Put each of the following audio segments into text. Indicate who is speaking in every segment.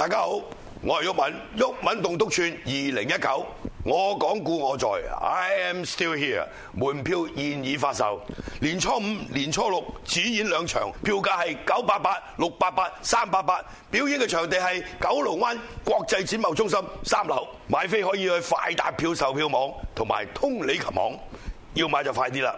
Speaker 1: 大家好，我係毓民，毓民棟篤串二零一九，我講故我在，I am still here，門票現已發售，年初五、年初六主演兩場，票價係九八八、六八八、三八八，表演嘅場地係九龍灣國際展貿中心三樓，買飛可以去快達票售票網同埋通利琴行網，要買就快啲啦。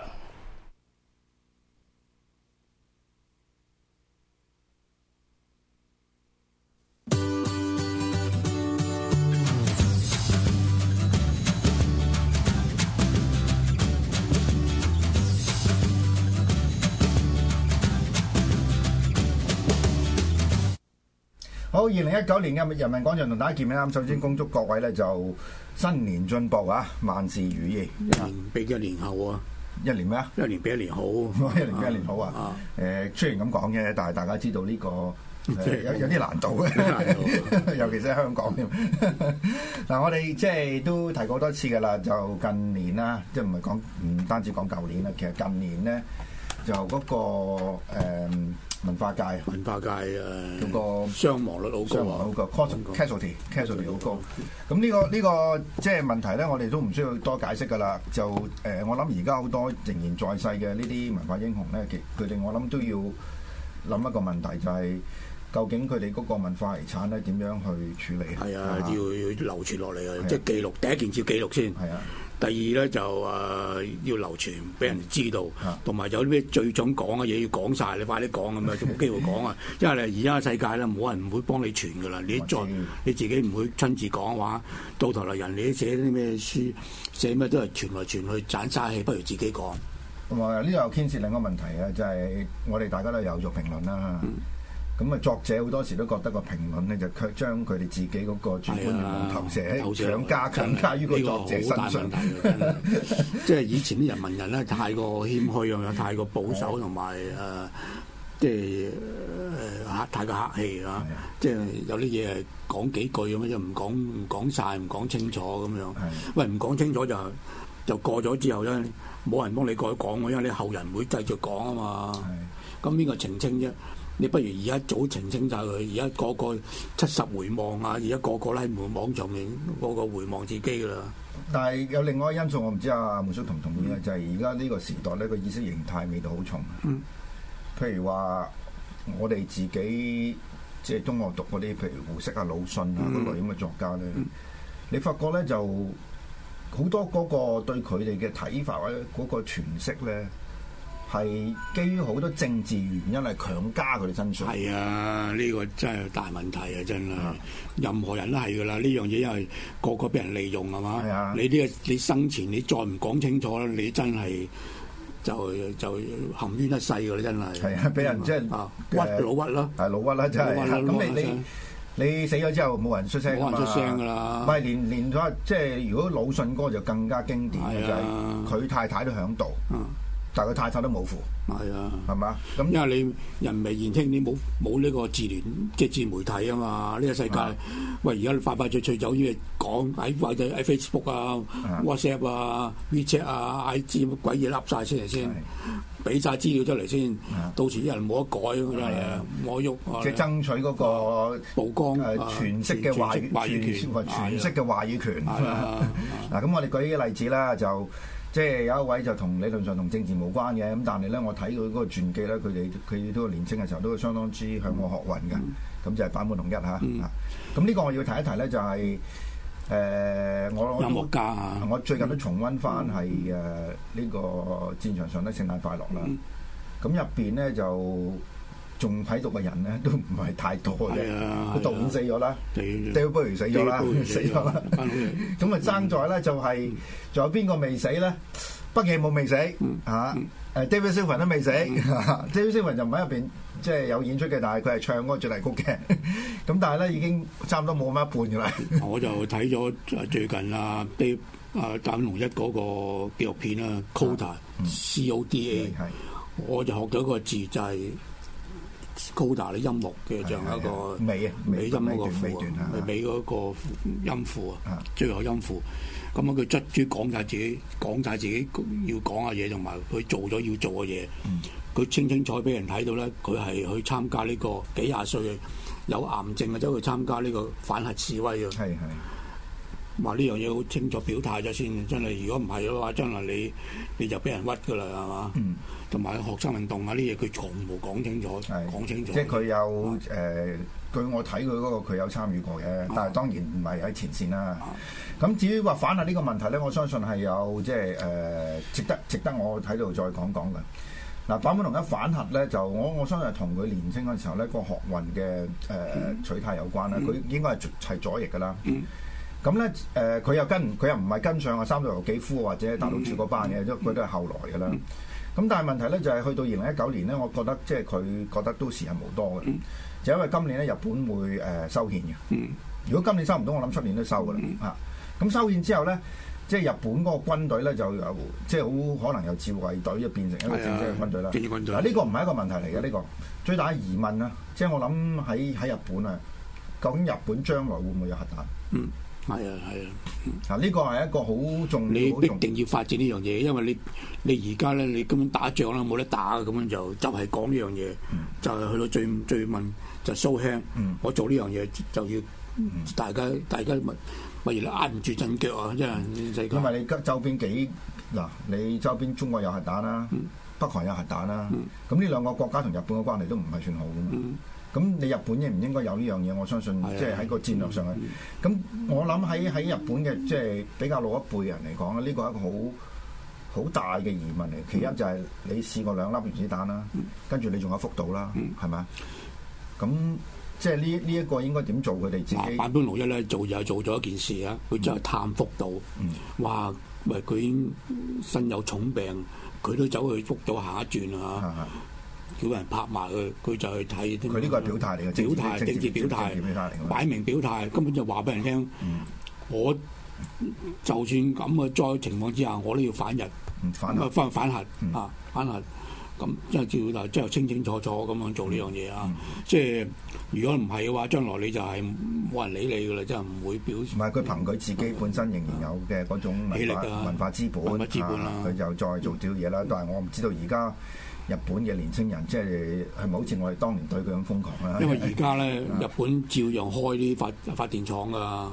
Speaker 1: 好，二零一九年嘅人文講場同大家見面啦。首先恭祝各位咧就新年進步啊，萬事如意。一年比一年好啊！一年咩啊？一年比一年好。一年比一年好啊！誒、啊，雖然咁講嘅，但係大家知道呢、呢個是、呃、有有啲難度嘅，嗯、 尤其是喺香港添。嗱、 嗯， 我哋即係都提過多次㗎喇，就近年啦，即係唔係講唔單止講舊年啦，其實近年咧就嗰、嗰個、嗯文化界，文化界誒嗰個傷亡率好高，好高。啊、casualty，casualty 好高。咁呢、啊呢個呢、呢個即係問題咧，我哋都唔需要多解釋噶啦。就誒、呃，我諗而家好多仍然在世嘅呢啲文化英雄咧，其佢哋我諗都要諗一個問題，就係、是、究竟佢哋嗰個文化遺產咧點樣去處理？係啊，吧要要流傳落嚟啊，即係
Speaker 2: 記錄第一件事要記錄先。係啊。第二咧就誒、呃、要流傳俾人知道，同埋、啊、有啲咩最想講嘅嘢要講晒。你快啲講咁樣，就冇機會講啊！ 因為你而家世界咧，冇人唔會幫你傳噶啦，你一再你自己唔會親自講嘅話，到頭嚟人哋都寫啲咩書寫咩都係傳來傳去，盞晒氣不如自己講。
Speaker 1: 同埋呢度又牽涉另一個問題啊，就係、是、我哋大家都有做評論啦。嗯咁啊、嗯，作者好多時都覺得個評論咧，就卻將佢哋自己嗰個主觀嘅投射強加強加於個作者身上。
Speaker 2: 即係 以前啲人民人咧，太過謙虛，又太過保守，同埋誒，即係誒、呃、太過客氣啊！的即係有啲嘢係講幾句咁樣，又唔講、唔講晒，唔講清楚咁樣。的喂，唔講清楚就就過咗之後咧，冇人幫你改講喎，因為你後人唔會繼續講啊嘛。咁邊個澄清啫？你不如而家早澄清晒佢，而家個個七十回望啊！而家個個咧喺網上面個個回望自己噶啦。
Speaker 1: 但係有另外一個因素，我唔知啊，木叔同唔同意啊？嗯、就係而家呢個時代咧，個意識形態味道好重。嗯。譬如話，我哋自己即係中學讀嗰啲，譬如胡適啊、魯迅啊嗰類咁嘅作家咧，嗯、你發覺咧就好多嗰個對佢哋嘅睇法或者嗰個詮釋咧。係基於好多政治原因，係強加佢哋身上。係啊，
Speaker 2: 呢個真係大問題啊！真係，任何人都係噶啦，呢樣嘢因為個個俾人利用係嘛？你呢個你生前你再唔講清楚咧，你真係就就含冤一世噶啦！
Speaker 1: 真係係啊，俾人即係屈老屈咯，係老屈啦！真係咁你你你死咗之後冇人出聲㗎嘛？出聲㗎啦！咪連連咗即係如果魯迅哥就更加經典嘅就係佢太太都響度。但係個態度都冇符，係啊，係嘛？
Speaker 2: 咁因為你人微言輕，你冇冇呢個自聯即係自媒體啊嘛？呢個世界，喂，而家快快脆脆有嘢講喺鬼仔喺 Facebook 啊、WhatsApp 啊、WeChat 啊、I G 乜鬼嘢笠晒出嚟先，俾晒資料出嚟先，到時啲人冇得改，冇得喐。即係爭
Speaker 1: 取嗰個曝光、全息嘅話語權、全息嘅話語權。嗱咁，我哋舉一個例子啦，就。即係有一位就同理論上同政治無關嘅，咁但係咧我睇佢嗰個傳記咧，佢哋佢都年青嘅時候都係相當之向我學運嘅，咁、嗯嗯、就係反叛統一嚇，咁呢、嗯、個我要提一提咧就係、是、誒、呃、我有有、啊、我最近都重溫翻係誒呢個戰場上嘅聖誕快樂啦，咁入邊咧就。仲喺度嘅人咧，都唔係太多嘅。係啊，導演死咗啦，David Bowie 死咗啦，死咗啦。咁啊，爭在咧就係仲有邊個未死咧？北野武未死嚇，誒 David Sylvian 都未死。David Sylvian 就唔喺入邊，即係有演出嘅，但係佢係唱嗰主題曲嘅。咁但係咧，已經差唔多冇乜一半㗎啦。
Speaker 2: 我就睇咗最近啊，啲啊，甲龍一嗰個紀錄片啦，Coda，C O D A，我就學咗一個字就係。高達啲音樂嘅，像一個尾美啊，尾音嗰個符啊，尾嗰個音符啊，最後音符。咁啊，佢卒住講晒自己，講晒自己要講嘅嘢，同埋佢做咗要做嘅嘢。佢、嗯、清清楚俾人睇到咧，佢係去參加呢個幾廿歲有癌症啊，走去參加呢個反核示威啊。係，係。話呢樣嘢好清楚表態咗先，真係如果唔係嘅話，真係你你就俾人屈噶啦，係嘛？同埋、嗯、學生運動啊呢嘢，佢從無講清楚，講是清楚。即係佢
Speaker 1: 有誒嗎、呃，據我睇佢嗰個，佢有參與過嘅，但係當然唔係喺前線啦。咁、啊啊、至於話反核呢個問題咧，我相信係有即係誒，值得值得我喺度再講講嘅。嗱、啊，坂本龍一反核咧，就我我相信係同佢年輕嗰陣時候呢、那個學運嘅誒取態有關啦。佢應該係係左翼噶啦。嗯咁咧，誒佢又跟佢又唔係跟上啊，三島由紀夫或者大陸柱嗰班嘅，佢都係後來嘅啦。咁、嗯嗯嗯嗯、但係問題咧就係、是、去到二零一九年呢，我覺得即係佢覺得都時日無多嘅，就、嗯、因為今年咧日本會誒修憲嘅。呃嗯、如果今年修唔到，我諗出年都修嘅啦嚇。咁修憲之後咧，即係日本嗰個軍隊咧就即係好可能由自衛隊就變成一個正式嘅軍隊啦。正呢、哎、個唔係一個問題嚟嘅。呢、呢個最大疑問啊，即係我諗喺喺日本啊，究竟日本將來會唔會有核彈？嗯係啊，係啊。嗱，呢個係一個好重要，你
Speaker 2: 必定要發展呢樣嘢，因為你你而家咧，你根本打仗啦，冇得打嘅，咁樣就就係講呢樣嘢，就係去到最最問就 show hand，我做呢樣嘢就要大家大家咪喂，而家壓唔住陣腳啊，因為你因
Speaker 1: 為你周邊幾嗱，你周邊中國有核彈啦，北韓有核彈啦，咁呢兩個國家同日本嘅關係都唔係算好嘅嘛。咁你日本應唔應該有呢樣嘢？我相信即係喺個戰略上嘅。咁、嗯、我諗喺喺日本嘅即係比較老一輩人嚟講咧，呢、個係一個好好大嘅疑問嚟。其一就係你試過兩粒原子彈啦，嗯、跟住你仲有福島啦，係咪？咁即係呢呢一個應該點做佢哋自己。坂
Speaker 2: 本龍一呢做又做咗一件事啊！佢就係探福島，嗯、哇！喂佢已經身有重病，佢都走去福島下一轉啊！叫人拍埋佢，佢就去睇。佢呢個係表態嚟嘅，義表態，直接表態，擺明表態，根本就話俾人聽。嗯、我就算咁嘅災情況之下，我都要反日，啊，翻反核，反核、嗯、啊，反核。咁即係照，即係清清楚楚咁樣做呢樣嘢啊！嗯、即係如果唔係嘅話，將來你就係冇人理你噶啦，即係唔會表
Speaker 1: 示。唔係佢憑佢自己本身仍然有嘅嗰種文化力、啊、文化資本、文化資本啊，佢、啊、就再做少嘢啦。嗯、但係我唔知道而家日本嘅年輕人即係係咪好似我哋當年對佢咁瘋狂啊？因為而家
Speaker 2: 咧， 日本照樣開啲發發電廠噶。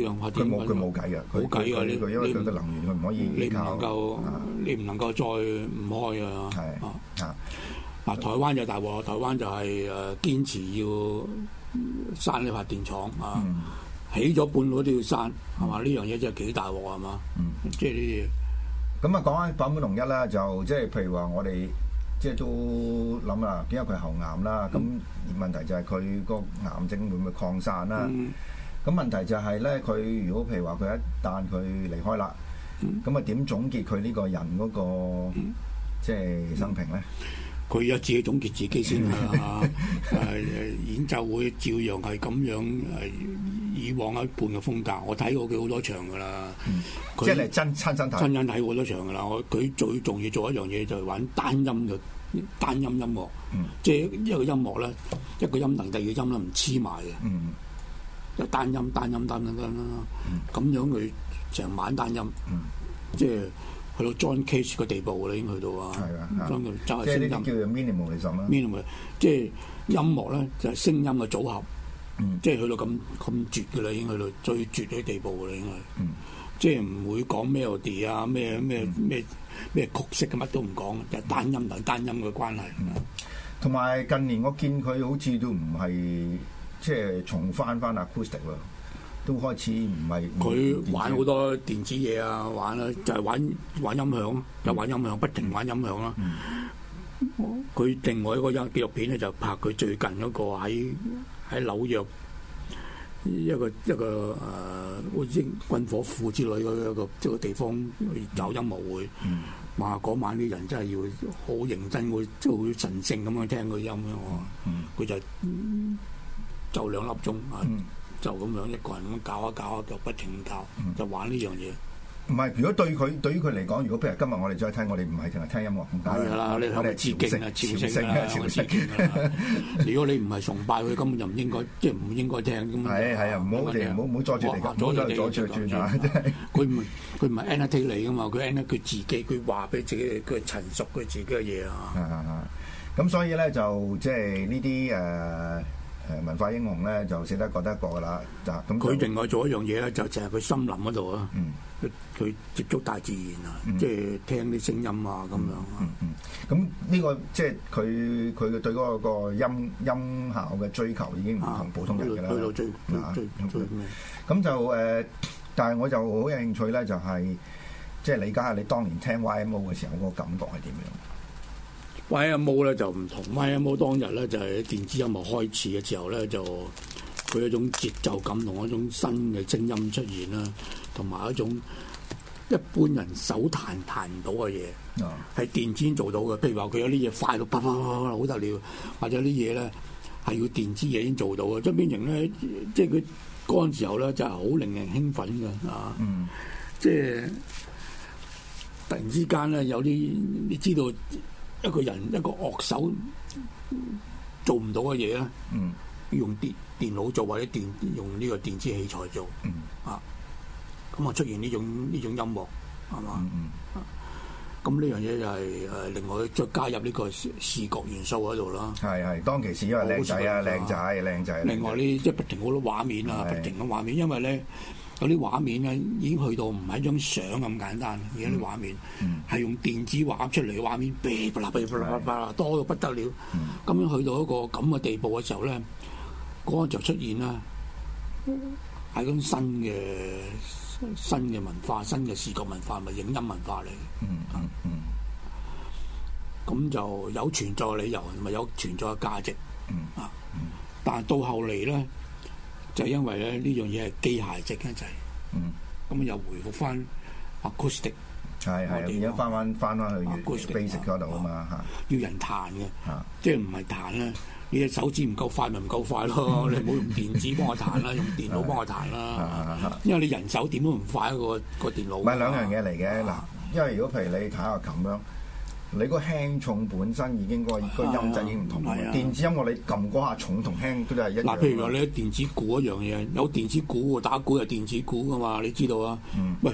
Speaker 2: 佢冇佢冇計嘅，
Speaker 1: 冇計啊！因為能源，佢
Speaker 2: 唔可以，你唔能夠再唔開啊！係啊！啊！台灣有大鑊，台灣就係誒堅持要閂呢發電廠啊！起咗半路都要閂，係嘛？呢樣嘢真係幾大鑊啊！係嘛？嗯，即
Speaker 1: 係咁啊！講翻版本同一啦，就即係譬如話我哋即係都諗啦，因為佢喉癌啦，咁問題就係佢個癌症會唔會擴散啦？咁問題就係咧，佢如果譬如話佢一旦佢離開啦，咁啊點總結佢呢個人嗰、嗰個、嗯、即係生平咧？佢一自己總結自己先啊！ 啊，演奏會照樣係咁樣係、
Speaker 2: 啊、以往一半嘅風格。我睇過佢好多場㗎啦。嗯、他
Speaker 1: 即係真親身睇親身
Speaker 2: 睇過多場㗎啦。我佢最重要做一樣嘢就係玩單音嘅單音音樂，嗯、即係一個音樂咧，一個音同，第二個音咧唔黐埋嘅。嗯又單音單音單單單啦，咁樣佢成晚單音，嗯、即係去到 John Cage 嘅地步啦，已經去到啊！即係啲叫用 minimal 嚟講啦，minimal 即係音樂咧就係、是、聲音嘅組合，嗯、即係去到咁咁絕嘅啦，已經去到最絕嘅地步啦，應該、嗯。即係唔會講 melody 啊，咩咩咩咩曲式嘅乜都唔講，就係、單音同單音嘅關係。
Speaker 1: 同埋、嗯、近年我見佢好似都唔係。即係重返返阿古斯特喎，都開始唔係佢玩好多
Speaker 2: 電子嘢啊，玩啊，就係、是、玩玩音響，又、嗯、玩音響，不停玩音響啦、啊。佢、嗯、另外一個音紀錄片咧，就拍佢最近嗰個喺喺紐約一個一個誒、呃、好似軍火庫之類嗰一個即係地方有音樂會，話嗰、嗯、晚啲人真係要好認真，會好神聖咁去聽佢音咯。佢、嗯、就是、～、嗯就兩粒鐘，就咁樣一個人咁教啊教啊，就不停搞，就玩呢樣嘢。
Speaker 1: 唔係，如果對佢對於佢嚟講，如果譬如今日我哋再聽，我哋唔係淨係聽音樂咁啦，你睇下致敬啊，朝聖啊，朝聖。
Speaker 2: 如果你唔係崇拜佢，根本就唔應該，即係唔應該聽咁。係係啊，唔好哋，唔好唔好左住嚟，左住嚟，左住佢唔佢唔係 analy 你噶嘛？佢 analy 佢自己，佢話俾自己，佢陳述佢自己嘅嘢啊。
Speaker 1: 係咁所以咧，就即係呢啲誒。誒文化英雄咧就識得個得一個噶啦，嗱咁佢另外
Speaker 2: 做一樣嘢咧就淨係佢森林嗰度啊，佢佢、嗯、接觸大自然啊，即係、嗯、聽啲聲音啊咁、嗯、樣。嗯
Speaker 1: 咁呢、嗯、個即係佢佢對嗰個音音效嘅追求已經唔同普通人㗎啦、啊。對對對，咁就誒、是呃，但係我就好有興趣咧、就是，就係即係你講下你當年聽 YMO 嘅時候嗰、那個感覺係點樣？
Speaker 2: 《威阿姆》咧就唔同，《威阿姆》當日咧就係電子音樂開始嘅時候咧，就佢一種節奏感同一種新嘅聲音出現啦，同埋一種一般人手彈彈唔到嘅嘢，係、mm. 電子已經做到嘅。譬如話佢有啲嘢快到啪啪啪好得了，或者啲嘢咧係要電子嘢已經做到嘅。張邊形咧，即係佢嗰陣時候咧，就係好令人興奮嘅、mm. 啊！即、就、係、是、突然之間咧，有啲你知道。一個人一個樂手做唔到嘅嘢咧，嗯、用電電腦做或者電用呢個電子器材做，嗯、啊，咁啊出現呢種呢種音樂係嘛？咁呢、嗯嗯啊、樣嘢就係、是、誒另外再加入呢個視覺元
Speaker 1: 素喺度啦。係係，當其時因為靚仔啊，靚仔靚仔。另
Speaker 2: 外呢，即係不停好多畫面啊，是不停咁畫面，因為咧。有啲畫面咧，已經去到唔係一張相咁簡單。而家啲畫面係、嗯嗯、用電子畫出嚟，畫面多到不得了。咁、嗯、樣去到一個咁嘅地步嘅時候咧，嗰個就出現啦，係種新嘅新嘅文化、新嘅視覺文化，咪影音文化嚟、嗯。嗯咁、啊嗯嗯、就有存在嘅理由，同埋有存在嘅價值。啊。但係到後嚟咧。嗯就因為咧呢樣嘢係機械質嘅，就係，嗯，
Speaker 1: 咁啊又回覆翻
Speaker 2: acoustic
Speaker 1: 係，係而家翻翻翻翻去 acoustic 嗰度，啊嘛嚇，要人彈嘅，
Speaker 2: 即係唔係彈啦？你隻手指唔夠快咪唔夠快咯！你唔好用電子幫我彈啦，用電腦幫我彈啦，因為你人手點都唔快一個個電腦。唔係兩樣嘢
Speaker 1: 嚟嘅嗱，因為如果譬如你彈下琴咁。你個輕重本身已經個個音質已經唔同嘅，啊、電子音樂你撳嗰下重同輕都係一樣。嗱，譬如話你
Speaker 2: 電子鼓一樣嘢，有電子鼓喎，打鼓又電子鼓㗎嘛，你知道啊？嗯，喂。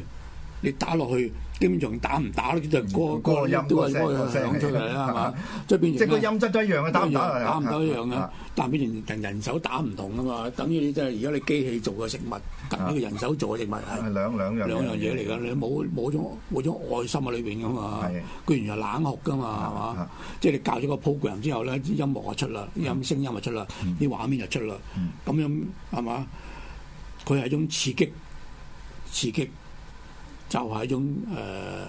Speaker 2: 你打落去，基本上打唔打咧，佢就唔嗰嗰個音嗰個聲出嚟啦，係嘛？即係變即係個音質都一樣嘅，打唔打都一樣嘅。但係變成人手打唔同噶嘛，等於即係而家你機器做嘅食物，同呢個人手做嘅食物係兩兩樣兩樣嘢嚟㗎。你冇冇種冇種愛心喺裏邊㗎嘛？居然係冷酷㗎嘛，係嘛？即係你教咗個 program 之後咧，音樂就出啦，音聲音就出啦，啲畫面就出啦，咁樣係嘛？佢係一種刺激，刺激。就係一種誒、呃、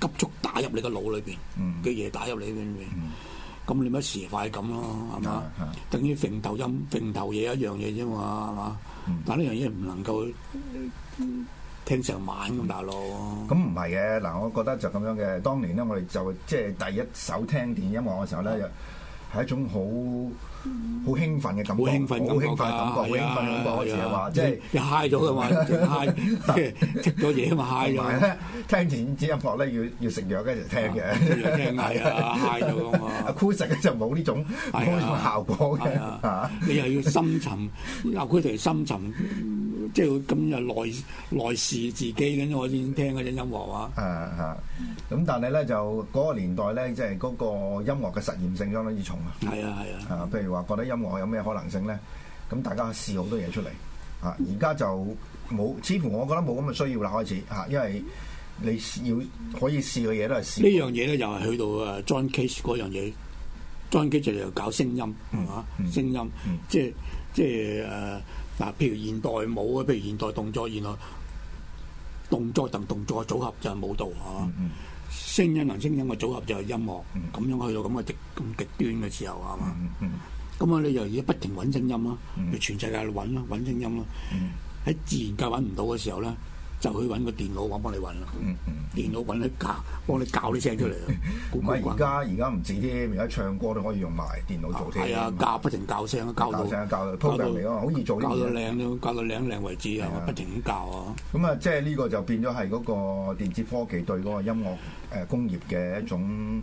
Speaker 2: 急速打入你個腦裏邊嘅嘢，打入你裏面，咁、嗯、你乜時快咁咯？係嘛？等於擲頭音、擲頭嘢一樣嘢啫嘛，係嘛？嗯、
Speaker 1: 但呢樣嘢唔能夠聽成晚咁、啊，大佬、嗯。咁唔係嘅嗱，我覺得就咁樣嘅。當年咧，我哋就即係第一首聽電音樂嘅時候咧。嗯係一種好好興奮嘅感覺，好興奮，好興奮感覺，好興奮感覺嘅時候話，即係 high 咗嘅嘛，high
Speaker 2: 即係食咗嘢啊 high 埋咧，
Speaker 1: 聽電子音樂咧，要要食藥跟住聽嘅，食藥聽啊 high 咗嘅嘛，啊 Kush 嘅就冇呢種係啊效果嘅，
Speaker 2: 你又要深沉，啊佢哋深沉。即係咁又內內試自己咁我先聽嗰隻音樂哇！
Speaker 1: 啊啊、嗯！咁、嗯、但係咧就嗰個年代咧，即係嗰個音樂嘅實驗性相當之重啊！係啊係啊！啊、嗯，譬如話覺得音樂有咩可能性咧，咁大家試好多嘢出嚟啊！而家就冇，似乎我覺得冇咁嘅需要啦，開始嚇，因為你要可以試嘅嘢都係試樣呢樣
Speaker 2: 嘢咧，又、就、係、是、去到啊 John Cage 嗰樣嘢，John Cage 就又搞聲音係嘛、嗯嗯？聲音、嗯、即係即係誒。嗱，譬如現代舞啊，譬如現代動作，原來動作同動作嘅組合就係舞蹈嚇。嗯嗯、聲音同聲音嘅組合就係音樂，咁、嗯、樣去到咁嘅極咁極端嘅時候啊嘛。咁啊、嗯，嗯、樣你就不停揾聲音啦，去、嗯、全世界度揾啦，揾聲音啦。喺、嗯、自然界揾唔到嘅時候咧～就去揾個電腦，我幫你揾啦。嗯嗯，電腦揾啲教，幫你教啲聲出嚟。
Speaker 1: 唔係而家，而家唔止啫，而家唱歌都可以用埋電腦做聲。係啊，
Speaker 2: 教不停教聲教到教到，教到通到嚟好易做啲教到靚教到靚靚為止啊，不停咁教啊。
Speaker 1: 咁啊，即係呢個就變咗係嗰個電子科技對嗰個音樂誒工業嘅一種，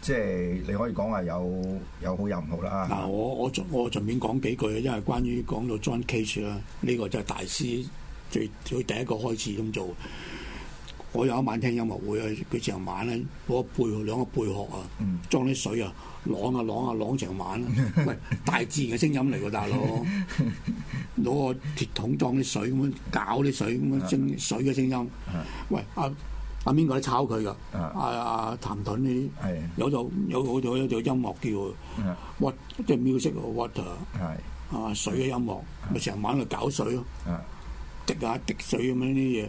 Speaker 1: 即係你可以講話有有好有唔好啦。
Speaker 2: 嗱，我我我順便講幾句，因為關於講到 John Cage 啊，呢個就係大師。最最第一個開始咁做，我有一晚聽音樂會啊。佢成晚咧攞貝殼兩個貝殼啊，裝啲水啊，攣啊攣啊攣成、啊、晚啊。喂，大自然嘅聲音嚟㗎大佬，攞個鐵桶裝啲水咁樣搞啲水咁樣，整水嘅聲音。喂、啊，阿阿邊個都抄佢㗎。阿、啊、阿、啊、譚盾呢？有做有好做有音樂叫 what 即係 music 嘅 water，係啊，啊水嘅音樂咪成、啊啊、晚度搞水咯、啊。啊！滴水咁樣啲嘢，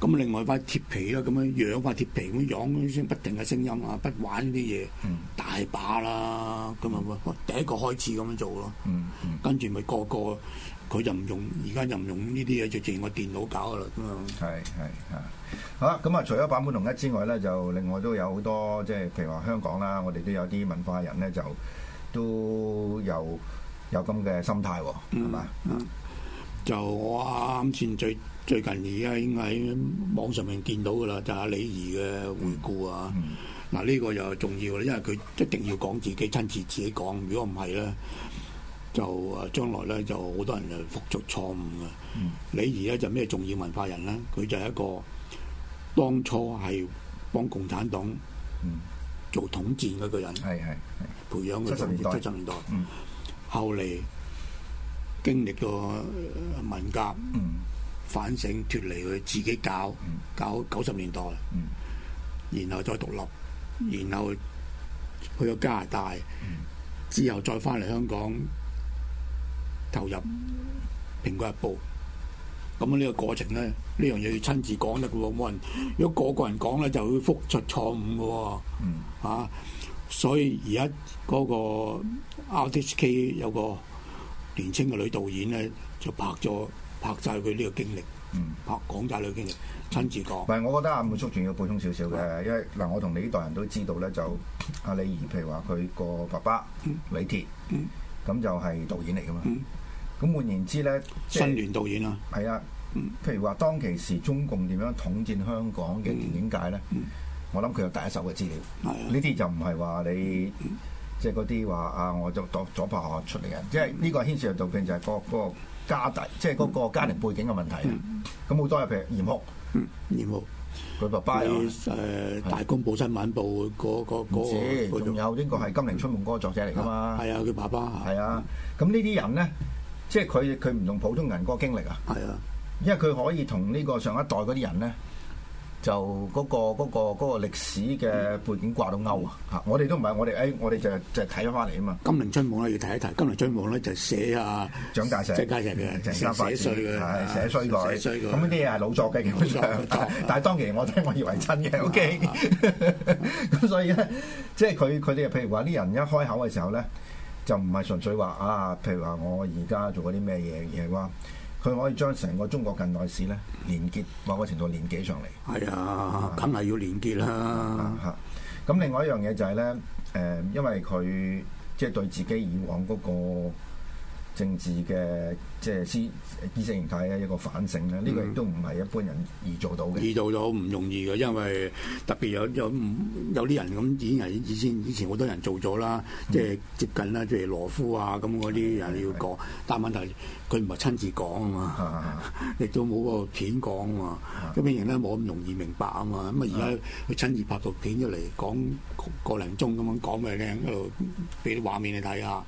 Speaker 2: 咁另外塊鐵皮啦，咁樣養塊鐵皮咁樣養先不停嘅聲音啊，不玩啲嘢，大把啦，咁啊，第一個開始咁樣做咯，跟住咪個個佢就唔用，而家就唔用呢啲嘢，就淨係我電腦搞咯，咁啊，係係
Speaker 1: 啊，好啦，咁啊，除咗版本統一之外咧，就另外都有好多，即係譬如話香港啦，我哋都有啲文化人咧，就都有有咁嘅心態喎，係嘛？嗯。
Speaker 2: 就我啱先最最近而家應該喺網上面見到噶啦，就阿、是、李儀嘅回顧啊，嗱呢、嗯啊呢個又重要咧，因為佢一定要講自己親自自己講，如果唔係咧，就誒將來咧就好多人就復述錯誤嘅。嗯、李儀咧就咩、是、重要文化人咧，佢就係一個當初係幫共產黨做統戰嗰個人，係係、嗯嗯嗯、培養佢七十年代七十年代，後嚟。經歷過文革，嗯、反省脱離佢自己搞，嗯、搞九十年代，嗯、然後再獨立，然後去到加拿大，嗯、之後再翻嚟香港投入蘋果日報。咁、嗯、呢、嗯嗯、個過程咧，呢樣嘢要親自講得嘅喎，冇人，如果個個人講咧，就會複出錯誤嘅喎，所以而家嗰個 RTHK 有個。年青嘅女導演咧，就拍咗拍晒佢呢個經歷，拍廣大女經歷，親自講。唔
Speaker 1: 係，我覺得阿滿叔仲要補充少少嘅。因為嗱，我同你呢代人都知道咧，就阿李儀，譬如話佢個爸爸李鐵，咁就係導演嚟噶嘛。咁換言之咧，新聯導演啊，係啊，譬如話當其時中共點樣統戰香港嘅電影界咧，我諗佢有第一手嘅資料。呢啲就唔係話你。即係嗰啲話啊，我就左左派學生出嚟嘅。即係呢個牽涉到嘅就係個個家底，即係嗰個家庭背景嘅問題，咁好多啊，譬如嚴酷，嚴酷佢爸爸啊，誒《大公報》新晚報嗰個嗰個，唔止，仲有呢個係《金陵春夢》嘅作者嚟噶嘛？係啊，佢爸爸係啊，咁呢啲人咧，即係佢佢唔同普通人嗰個經歷啊，係啊，因為佢可以同呢個上一代嗰啲人咧。就嗰個嗰個，個歷史嘅背景掛到勾，哎就係就係，啊！嚇，我哋都唔係我哋誒，我哋就就睇咗翻嚟啊嘛。
Speaker 2: 金陵春夢咧要睇一睇，金陵春夢咧就寫阿蔣介石，寫衰佢，寫衰佢。咁
Speaker 1: 啲嘢係老作嘅基本上，但係當其時我聽我以為真嘅。O K，咁所以咧，即係佢佢哋譬如話啲人一開口嘅時候咧，就唔係純粹話啊，譬如話我而家做過啲咩嘢，而係話。佢可以將成個中國近代史咧連結，某個程度連結上嚟。係啊、哎，咁係要連結啦嚇。咁、啊啊啊、另外一樣嘢就係、是、咧，誒、呃，因為佢即係對自己以往嗰個政治嘅。即係知意識形態嘅一個反省咧，呢個都唔係一般人易做到嘅。易做
Speaker 2: 到唔容易嘅，因為特別有有有啲人咁演啊，以前以前好多人做咗啦，即係接近啦，即係羅夫啊咁嗰啲人要講，但問題佢唔係親自講啊嘛，亦都冇個片講啊嘛，咁變成咧冇咁容易明白啊嘛，咁啊而家佢親自拍部片出嚟，講個零鐘咁樣講俾你聽，一路俾啲畫面你睇下，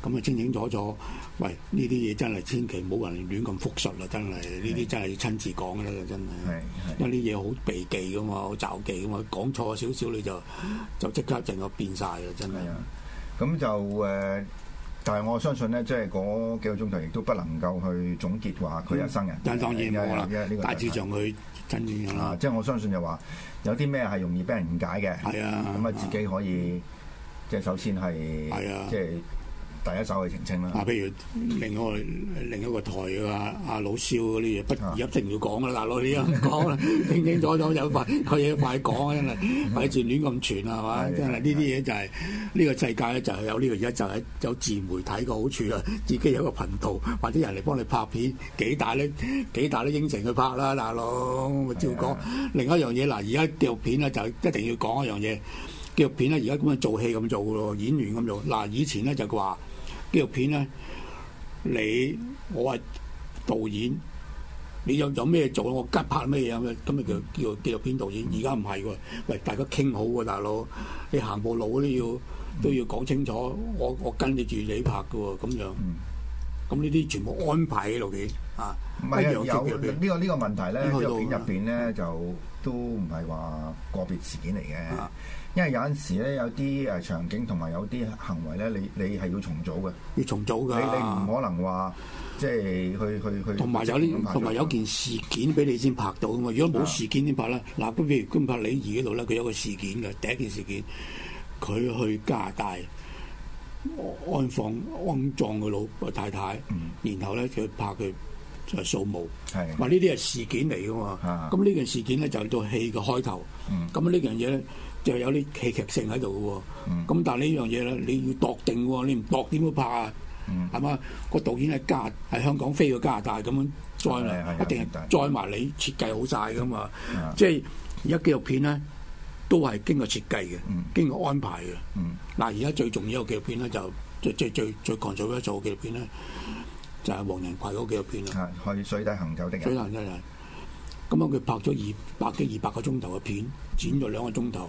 Speaker 2: 咁啊清清楚楚，喂呢啲嘢真係～千祈唔好話亂咁複述啦，真係呢啲真係要親自講啦，真係。因為啲嘢好避忌噶嘛，好找忌噶嘛，講錯少少你就就即刻成個變晒嘅，真係。
Speaker 1: 咁就誒，但係我相信咧，即係嗰幾個鐘頭亦都不能夠去總結話佢一生人。但係當然嘅啦，大致上去真嘅。啊，即係我相信就話有啲咩係容易俾人誤解嘅，咁啊自己可以即係首先係，即係。第一首去澄清啦。嗱、啊，譬
Speaker 2: 如另外一另一個台嘅啊，阿老蕭嗰啲嘢，不而家一定要講㗎啦。大佬、啊，你又唔講啦，清 清楚楚就快佢要快講啊，真係唔係似亂咁傳啊嘛。 吧真係呢啲嘢就係、是、呢、這個世界咧就係有呢個而家就係、是有，就是、有自媒體嘅好處啊，自己有一個頻道，或者人嚟幫你拍片，幾大都幾大都應承佢拍啦。大佬，咪照講。啊、另一樣嘢嗱，而家紀錄片咧就一定要講一樣嘢，紀錄片咧而家咁樣做戲咁做喎，演員咁做。嗱，以前咧就話。紀錄片咧，你我係導演，你有有咩做，我吉拍咩嘢咁啊？咁咪叫叫紀錄片導演。而家唔係喎，喂，大家傾好喎，大佬，你行步路，路要都要都要講清楚，我我跟住你拍嘅喎，咁樣。嗯。咁呢啲全部安排喺度嘅。嗯、啊。唔係是有呢、呢個呢、
Speaker 1: 呢個問題咧，紀錄片入邊咧就都唔係話個別事件嚟嘅。嗯因為有陣時咧，有啲誒場景同埋有啲行為咧，你你係要重組嘅，要重組嘅，你唔可能話即係去去去，同 埋樂有啲同埋有
Speaker 2: 件事件俾你先拍到嘅嘛。如果冇事件點拍咧？嗱、啊，咁譬如觀拍李儀嗰度咧，佢有個事件嘅第一件事件，佢去加拿大安放安葬個老太太，嗯、然後咧佢拍佢就掃墓，話呢啲係事件嚟嘅嘛。咁呢件事件咧就係套戲嘅開頭。咁呢樣嘢咧。就有啲戲劇性喺度嘅喎，咁但係呢樣嘢咧，你要度定喎，你唔度點會拍啊？係嘛？個導演喺加，係香港飛去加拿大咁樣載嚟，一定係載埋你設計好晒㗎嘛。嗯、即係而家紀錄片咧，都係經過設計嘅，嗯、經過安排嘅。嗱，而家最重要嘅紀錄片咧，就即係最最最最狂做一做嘅紀錄片咧，就係黃仁葵嗰個紀錄片啦。係《水底、就是、行走的》的《水底行走、嗯》。咁樣佢拍咗二百幾二百個鐘頭嘅片，剪咗兩個鐘頭。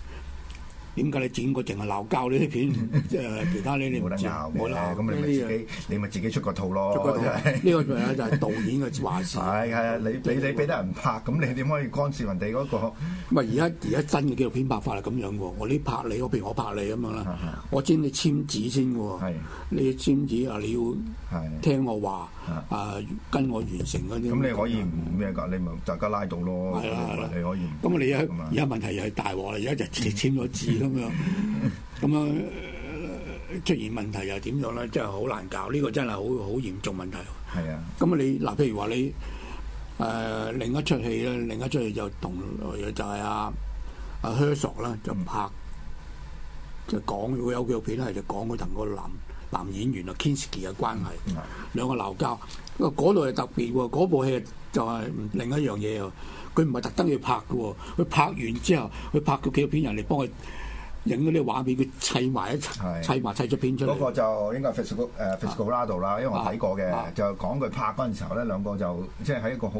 Speaker 2: 點解你整個淨係鬧交呢啲片？即係其他你你唔好啦，咁你咪自己，
Speaker 1: 你咪自己出個套咯。呢個就係導演嘅話事。係係，你俾你俾得人拍，咁你點可以干涉人哋嗰個？唔係而家而家真嘅紀錄片
Speaker 2: 拍法係咁樣喎。我呢拍你，我譬如我拍你咁樣啦，我知你簽紙先嘅喎。你要簽紙啊！你要聽我話啊！跟我完成嗰啲。咁你可以
Speaker 1: 唔咩㗎？你咪大家拉到咯。係啦，你可
Speaker 2: 以。咁你而家問題又係大鑊喇！而家就自己簽咗字。咁樣咁樣出現問題又點樣咧？真係好難搞，呢個真係好好嚴重問題。係啊，咁 啊，你嗱、呃，譬如話你誒另一出戲咧，另一出戲，戲就同就係阿阿 Herzog 就拍 就講佢有幾套片係就講佢同個男男演員啊 Kinski 嘅關係， 兩個鬧交。嗰度係特別喎，嗰部戲就係另一樣嘢。佢唔係特登去拍嘅，佢拍完之後，佢拍咗幾套片，人哋幫佢。影嗰啲畫面，佢砌埋一齊，砌埋砌出片出嚟。嗰個
Speaker 1: 就應該係 Fisker 誒 Fitzcarraldo 啦，因為我睇過嘅，是就講佢拍嗰陣時候咧，兩個就即係喺一個好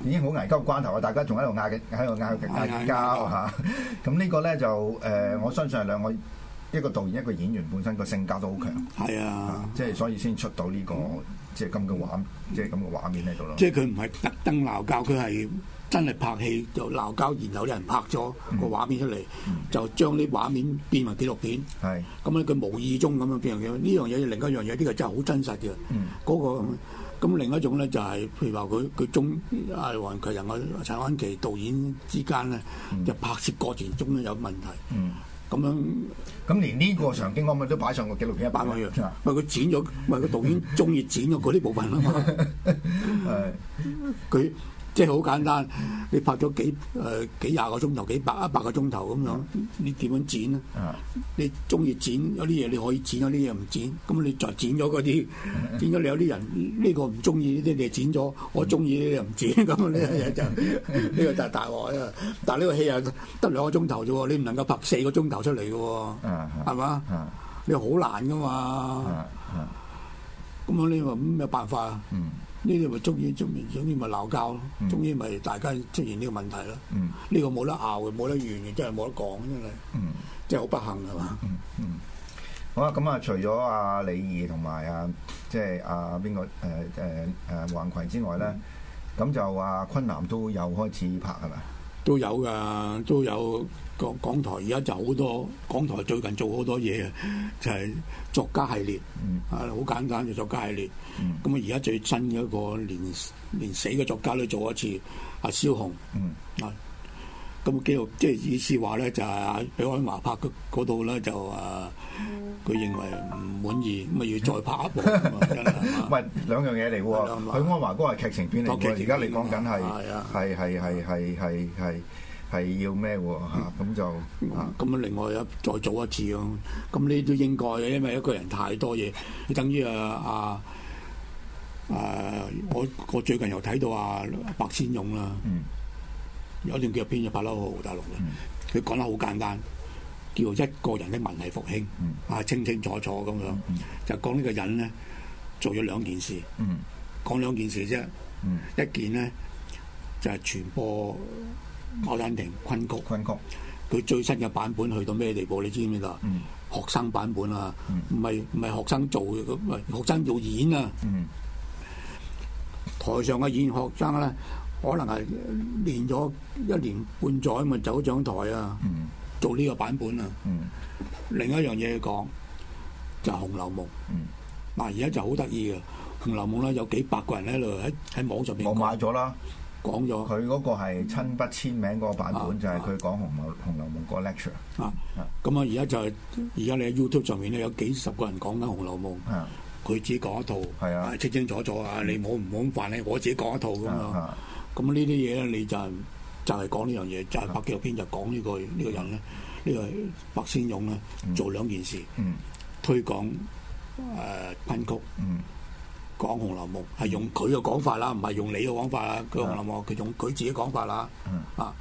Speaker 1: 已經好危急嘅關頭啊！大家仲喺度嗌喺度嗌嗌交嚇。咁呢個咧就誒，我相信兩個一個導演一個演員本身個性格都好強。係啊，即係所以先出到呢個即係咁嘅畫，即係咁嘅畫面喺度咯。即係
Speaker 2: 佢唔係特登鬧交，佢係。真係拍戲就鬧交，然後啲人拍咗個畫面出嚟，就將啲畫面變為紀錄片。咁咧，佢無意中咁樣變樣。呢樣嘢另一樣嘢，呢個真係好真實嘅。嗰個咁另一種咧，就係譬如話佢佢中阿黃奇仁啊、陳安琪導演之間咧，就拍攝過程中咧有問題。咁樣咁連呢個場景，我咪都擺上個紀錄片一班咁佢剪咗，咪佢導演中意剪咗嗰啲部分啊嘛。係佢。即係好簡單，你拍咗幾誒、呃、幾廿個鐘頭，幾百啊百個鐘頭咁樣，你點樣剪咧？你中意剪有啲嘢，你可以剪；有啲嘢唔剪，咁你就剪咗嗰啲。剪咗你有啲人呢、呢個唔中意呢啲，你剪咗；我中意呢啲又唔剪，咁就呢個就係大鑊啊！ 但係呢個戲啊，得兩個鐘頭啫喎，你唔能夠拍四個鐘頭出嚟
Speaker 1: 嘅喎，係嘛？
Speaker 2: 你好難噶、啊、嘛，咁樣你話咁咩辦法啊？Uh, uh, uh, uh, 呢啲咪終於、嗯、終於終於咪鬧交咯，終於咪大家出現呢個問題咯。呢個冇得拗嘅，冇得完嘅，真係冇得講
Speaker 1: 嘅，真係，真係好不幸係嘛。好啊，咁啊，除咗阿李怡同埋阿即係阿邊個誒誒誒黃葵之外咧，咁、嗯、就阿昆南都有開始拍係咪？
Speaker 2: 都有㗎，都有港港台而家就好多港台最近做好多嘢啊，就係、嗯、作家系列，嗯、啊好簡單嘅作家系列，咁啊而家最新嘅一個連連死嘅作家都做一次，阿蕭紅，啊。嗯啊咁基路即係意思話咧，就係喺《許鞍華拍》嗰度咧，就啊，佢認為唔滿意，咁啊
Speaker 1: 要再拍一部，唔係兩樣嘢嚟喎。《許鞍華》嗰個係劇情片嚟嘅，而家你講緊係係係係係係係要咩喎？咁就
Speaker 2: 咁啊！ 另外一再做一次咯。咁呢都應該嘅，因為一個人太多嘢，等於啊啊啊！我我最近又睇到啊白先勇啦。啊嗯有一段影片就拍得好大德嘅，佢講得好簡單，叫一個人的文藝復興，啊清清楚楚咁樣，就講呢個人咧做咗兩件事，講兩件事啫，一件咧就係傳播《牡丹亭昆曲，昆曲，佢最新嘅版本去到咩地步？你知唔知道？學生版本啊，唔係唔係學生做嘅，唔學生做演啊，台上嘅演員學生啦。可能係練咗一年半載，咪走上台啊！做呢個版本啊！另一樣嘢要講就《紅樓夢》。
Speaker 1: 嗱，而家就好得意嘅《紅樓夢》咧，有幾百個人喺度喺喺網上邊。我買咗啦，講咗佢嗰個係親筆簽名嗰個版本，就係佢講《紅樓紅樓夢》嗰 lecture 啊。
Speaker 2: 咁啊，而家就係而家你喺 YouTube 上面咧，有幾十個人講緊《紅樓夢》，佢只講一套，係啊，清清楚楚啊！你好唔冇犯你，我自己講一套噶嘛。咁呢啲嘢咧，你就就係講呢樣嘢，就係拍紀錄片，就係、講呢個呢個人咧，呢、呢個白先勇咧，做兩件事，推廣誒昆曲，講《紅樓夢》，係用佢嘅講法啦，唔係用你嘅講法啦，《紅樓夢》佢用佢自己講法啦，啊，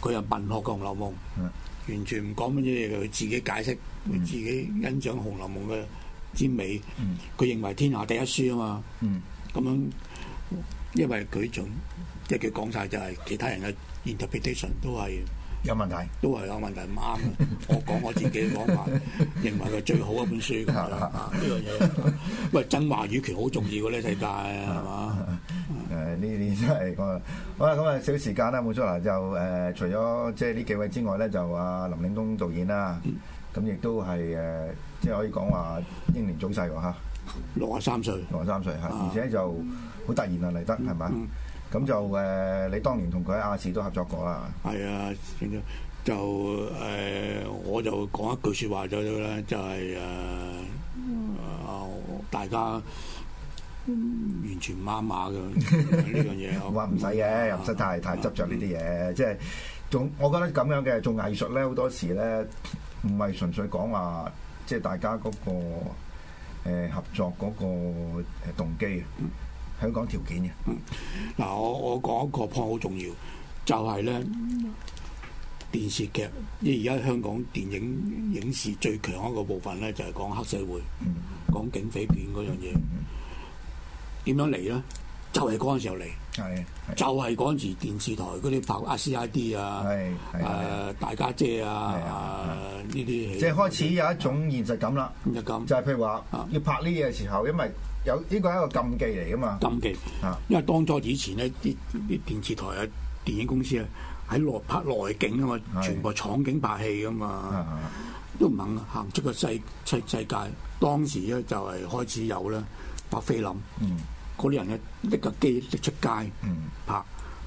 Speaker 2: 佢又文學《紅樓夢》，完全唔講乜嘢佢自己解釋，佢自己欣賞《紅樓夢》嘅之美，佢認為天下第一書啊嘛，咁樣。因為佢仲即係佢講曬就係其他人嘅 interpretation 都係有問題，都係有問題唔啱嘅。我講我自己嘅講法，認為佢最好一本書。呢樣嘢，喂，曾華語權好重要嘅咧，世界係嘛？
Speaker 1: 誒，呢啲真係講啊！好啦，咁啊，少時間啦，冇錯啦，就誒，除咗即係呢幾位之外咧，就啊林嶺東導演啦，咁亦都係誒，即係可以講話英年早逝喎嚇。六十三歲，六十三歲吓，啊、而且就好突然啊，嚟得係咪？咁、嗯嗯、就誒，uh, 你當年同佢喺亞視都合作過啦，
Speaker 2: 係啊，就誒，uh, 我就講一句話，就說話咗啦，就係、是、誒，uh, uh, 大家完全唔啱碼嘅呢
Speaker 1: 樣嘢，我話唔使嘅，啊、又唔使太、啊、太執着呢啲嘢，嗯、即係，仲我覺得咁樣嘅做藝術咧，好多時咧唔係純粹講話，即係大家嗰、那個。誒合作嗰個誒動機，嗯、香港條件嘅。
Speaker 2: 嗱、嗯，我我講一個 point 好重要，就係、是、咧電視劇，因為而而家香港電影影視最強一個部分咧，就係講黑社會，講、嗯、警匪片嗰、嗯嗯嗯、樣嘢，點樣嚟咧？就係嗰陣時候嚟，就係嗰陣時電視台嗰啲拍啊 C.I.D. 啊，誒大家姐啊呢啲戲，即係
Speaker 1: 開始有一種現實感啦。現實感就係譬如話，要拍呢嘢嘅時候，因為有呢個係一個禁忌嚟噶嘛。
Speaker 2: 禁忌因為當初以前咧，啲啲電視台啊、電影公司啊，喺內拍內景啊嘛，全部廠景拍戲噶嘛，都唔肯行出個世出世界。當時咧就係開始有啦，白菲林。嗰啲人嘅拎架機拎出街，拍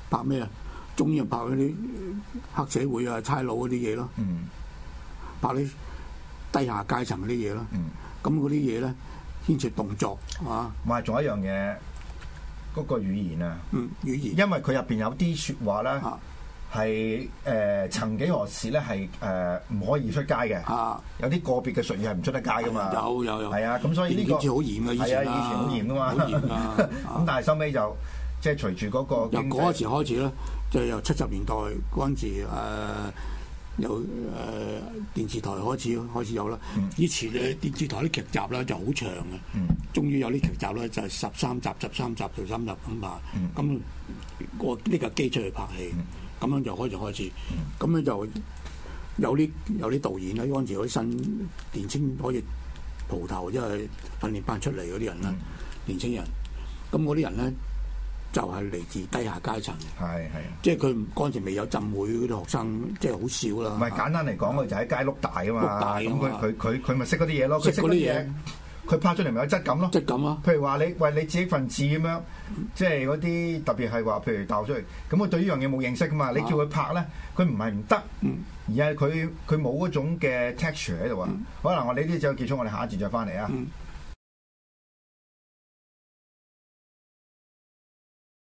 Speaker 2: 拍咩啊？中意拍啲黑社會啊、差佬嗰啲嘢咯，
Speaker 1: 嗯、
Speaker 2: 拍啲低下階層嗰啲嘢咯。咁嗰啲嘢咧牽涉動作
Speaker 1: 啊，同埋做一樣嘢，嗰、個語言、嗯、語言啊，因為佢入邊有啲説話咧。係誒、呃，曾幾何時咧係誒唔可以出街嘅？啊，街啊，有啲個別嘅術語係唔出得街噶嘛？有有有，係啊！咁所以呢、呢個電視好嚴啊。以前、啊啊、以前好嚴啊，嘛。好嚴啊！咁 但係收尾就即係隨
Speaker 2: 住嗰個經濟，由嗰時開始啦，就由七十年代嗰陣時由誒、呃呃、電視台開始開始有啦。以前嘅電視台啲劇集咧就好長嘅，嗯、終於有啲劇集咧就係、是、十三集、十三集、十三集咁嘛。咁個呢個機出去拍戲。嗯咁樣就開始開始，咁樣就有啲有啲導演喺當時嗰啲新年青可以蒲頭，因為訓練班出嚟嗰啲人啦，年青人，咁嗰啲人咧就係嚟自低下階層，係係啊，即係佢當時未有浸會嗰啲學生，即係好少啦。唔係簡
Speaker 1: 單嚟講，佢就喺街碌大啊嘛，咁佢佢佢佢咪識嗰啲嘢咯，識嗰啲嘢。 佢拍出嚟咪有質感咯，質感啊，譬如話你喂，你自己份字咁樣，即係嗰啲特別係話，譬如教出嚟，咁我對呢樣嘢冇認識噶嘛，你叫佢拍咧，佢唔係唔得，而係佢佢冇嗰種嘅 texture 喺度啊。可能、嗯、我哋呢啲就結束，我哋下一節再翻嚟啊。嗯